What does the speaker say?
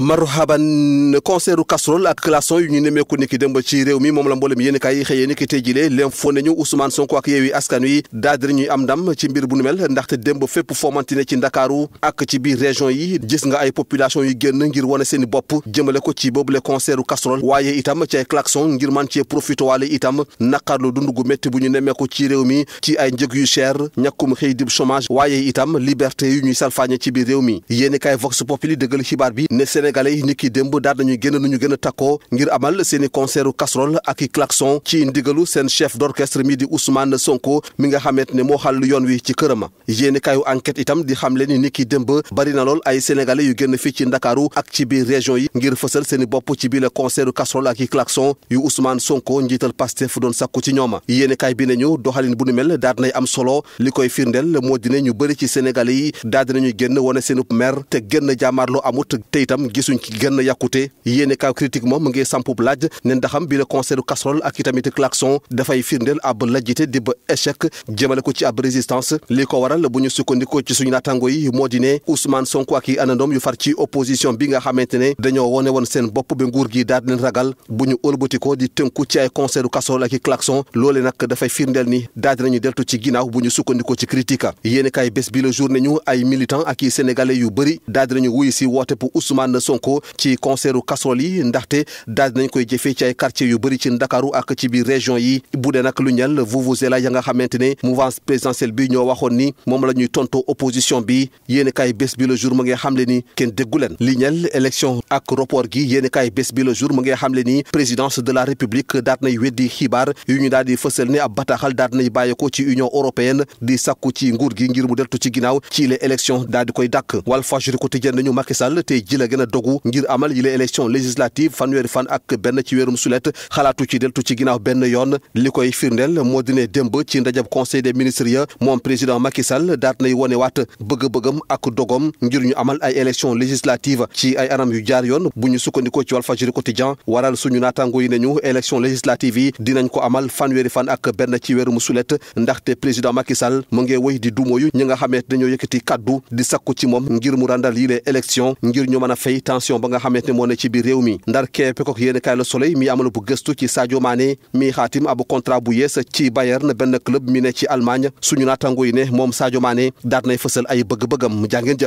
marhaban concert u casserole ak klaxon yu ñu nemeeku ni ki démb ci réew mi moom la mboolem yéen kaay yi xëyee ni ki tey jilee l'info nañu Ousmane Sonko ak Yewwi Askan Wi daal dina ñuy am ndam ci mbir bu nu ci région yi gis nga ay population yu génn ngir wane seeni bopp jëmale ko ci boobule concert u casserole waaye itam ci ay klaxon ngir man cee profité waale itam naqarlu dund gu métti bu ñu nemeeku ci réew mi ci ay njëg yu cher ñàkkum xëy dib chômage waaye itam liberté yu ñuy salfaañe ci biir réew mi yéen kaay Vox Populi dëggal xibaar bi sénégalais yi ni ki démb daal nañu génn ak i klaxon ci ndigalu seen chef d'orchestre mi di Ousmane Sonko mi nga xamante ne moo xàll yoon ci kërama yéeni kayu enquête itam di xam leen ni ni ki démb bari ay sénégalais yu génn fii ci ndakaaru ak ci biir région yi ngir fësal seeni bopp ci biir le concertu casserole ak i klaxon yu Ousmane Sonko njiital Pastef doon sakku ci ñooma yéeni kay bi nañu doxalin bu nu mel daal nay am solo li koy firndeel moo dine bëri ci sénégalais gisuñ ci genn yàkkute yéene moom mu ngi sampub laaj ne ndaxam bi la concert casserole ak itamit dafay firndeel ab lajjite di ba échec ko ci ab résistance li waral bu ñu sukkandikoo ci suñu moo di ne Ousmane ak yi anandoom yu far ci opposition bi nga xamante ne dañoo wone woon seen bopp ba nguur gi ragal bu ñu di tënku ci ay concert casserole ak i klaxon loole nag dafay firndeel ni daal deltu ci ginnaaw bu ñu i sénégalais yu Sonko ci concertu casserole yi ndaxte daal dinañ koy jëfee ci ay quartiers yu bëri ci Ndakaaru ak ci biir région yi bu dee nag lu ñel vuvuzela ya nga xamante ne mouvance présidentielle bi ñoo waxoon ni moom la ñuy tontoo opposition bi yéen kaay bés bi le jour mu ngi xamle ni kenn déggu leen li ñel élection ak report gi yéen kaay bés bi le jour mu ngi xamle ni présidence de la république daat nay weddi xibaar yu ñu daal di fësal ne ab bataaxal daat nay bàyyeekoo ci union européenne ci nguur gi ngir mu deltu ci ginnaaw ci les élections daal di koy dàkk dogu ngir amal yile élection législative fanweeri fan ak benn ci weerum sulet xalaatu ci deltu ci ginnaaw benn yoon li koy firndeel moo dine démb ci ndajab conseil des ministres ya moom président Macky daat nay wone waat bëgg-bëggam ak dogom ngir ñu amal ay élection législative ci ay anam yu jaar yoon bu ñu sukkandikoo ci Walfadjri quotidien waral suñu naataango yi nañu élection législative yi dinañ ko amal fanweeri fan ak benn ci weeru mu sulet ndaxte président Macky Sall mu ngi woy di dumóoyu ñi nga xamee dañoo yëkkati kaddu di sakku ci moom ngir mu ràndal yile élection ngir ñu mën fay tey tension ba nga xamante ne moo ne ci biir réew mi ndar keepekook yéen kaay la soleil mi amal bu gëstu ci Sadio Mané mi xaatim ab contrat bu yees ci Bayern benn club mi ne ci Allemagne suñu naatango yi ne moom Sadio Mané daat nay fësal ay bëgg-bëggam jàngeen jë